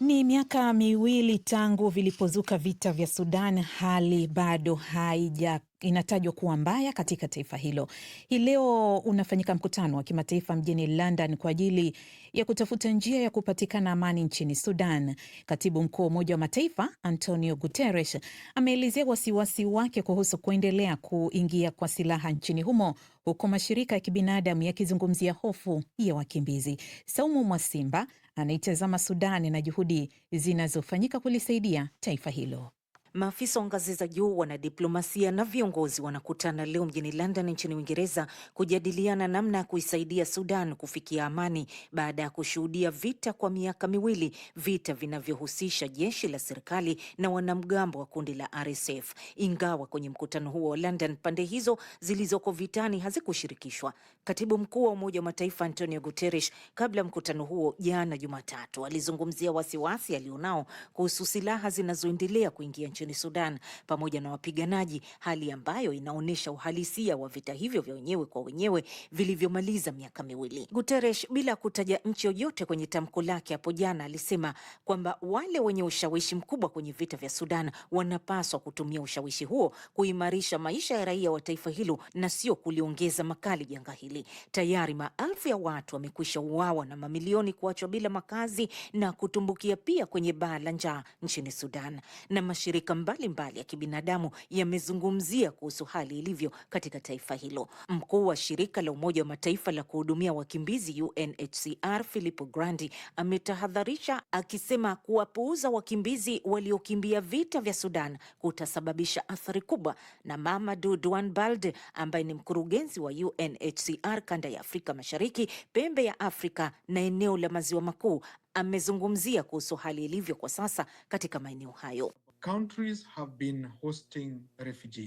Ni miaka miwili tangu vilipozuka vita vya Sudan, hali bado haija inatajwa kuwa mbaya katika taifa hilo. Hii leo unafanyika mkutano wa kimataifa mjini London kwa ajili ya kutafuta njia ya kupatikana amani nchini Sudan. Katibu mkuu wa Umoja wa Mataifa Antonio Guterres ameelezea wasiwasi wake kuhusu kuendelea kuingia kwa silaha nchini humo, huku mashirika ya kibinadamu yakizungumzia ya hofu ya wakimbizi. Saumu Mwasimba anaitazama sudan na juhudi zinazofanyika kulisaidia taifa hilo. Maafisa wa ngazi za juu, wanadiplomasia na viongozi wanakutana leo mjini London nchini Uingereza kujadiliana namna ya kuisaidia Sudan kufikia amani baada ya kushuhudia vita kwa miaka miwili, vita vinavyohusisha jeshi la serikali na wanamgambo wa kundi la RSF. Ingawa kwenye mkutano huo wa London pande hizo zilizoko vitani hazikushirikishwa, katibu mkuu wa Umoja wa Mataifa Antonio Guterres, kabla ya mkutano huo jana Jumatatu, alizungumzia wasiwasi alionao kuhusu silaha zinazoendelea kuingia nchini Sudan pamoja na wapiganaji, hali ambayo inaonyesha uhalisia wa vita hivyo vya wenyewe kwa wenyewe vilivyomaliza miaka miwili. Guterres, bila kutaja nchi yoyote, kwenye tamko lake hapo jana alisema kwamba wale wenye ushawishi mkubwa kwenye vita vya Sudan wanapaswa kutumia ushawishi huo kuimarisha maisha ya raia wa taifa hilo na sio kuliongeza makali janga hili. Tayari maelfu ya watu wamekwisha uawa na mamilioni kuachwa bila makazi na kutumbukia pia kwenye baa la njaa nchini Sudan na mashirika mashirika mbalimbali mbali ya kibinadamu yamezungumzia kuhusu hali ilivyo katika taifa hilo. Mkuu wa shirika la Umoja wa Mataifa la kuhudumia wakimbizi UNHCR philipo Grandi ametahadharisha akisema kuwapuuza wakimbizi waliokimbia vita vya Sudan kutasababisha athari kubwa. Na mamadu duan Balde ambaye ni mkurugenzi wa UNHCR kanda ya Afrika Mashariki, pembe ya Afrika na eneo la maziwa makuu amezungumzia kuhusu hali ilivyo kwa sasa katika maeneo hayo.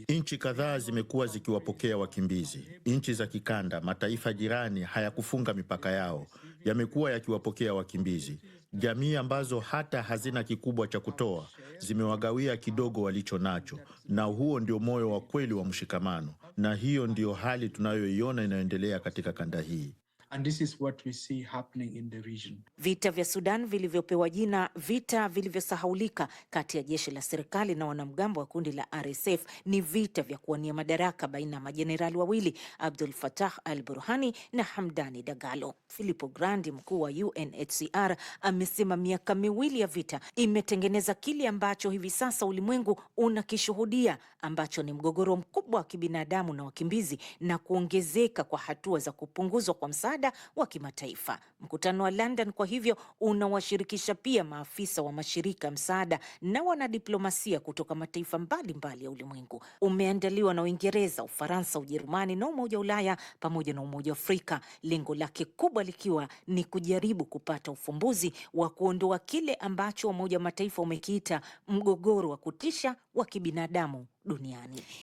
Nchi kadhaa zimekuwa zikiwapokea wakimbizi. Nchi za kikanda, mataifa jirani hayakufunga mipaka yao, yamekuwa yakiwapokea wakimbizi. Jamii ambazo hata hazina kikubwa cha kutoa zimewagawia kidogo walicho nacho, na huo ndio moyo wa kweli wa mshikamano, na hiyo ndiyo hali tunayoiona inayoendelea katika kanda hii. And this is what we see happening in the region. Vita vya Sudan vilivyopewa jina vita vilivyosahaulika kati ya jeshi la serikali na wanamgambo wa kundi la RSF ni vita vya kuwania madaraka baina ya majenerali wawili Abdul fatah al-Burhani na Hamdani Dagalo. Filippo Grandi, mkuu wa UNHCR, amesema miaka miwili ya vita imetengeneza kile ambacho hivi sasa ulimwengu unakishuhudia, ambacho ni mgogoro mkubwa wa kibinadamu na wakimbizi na kuongezeka kwa hatua za kupunguzwa kwa msaada msaada wa kimataifa. Mkutano wa London kwa hivyo unawashirikisha pia maafisa wa mashirika msaada na wanadiplomasia kutoka mataifa mbalimbali mbali ya ulimwengu. Umeandaliwa na Uingereza, Ufaransa, Ujerumani na Umoja wa Ulaya pamoja na Umoja wa Afrika, lengo lake kubwa likiwa ni kujaribu kupata ufumbuzi wa kuondoa kile ambacho Umoja wa Mataifa umekiita mgogoro wa kutisha wa kibinadamu duniani.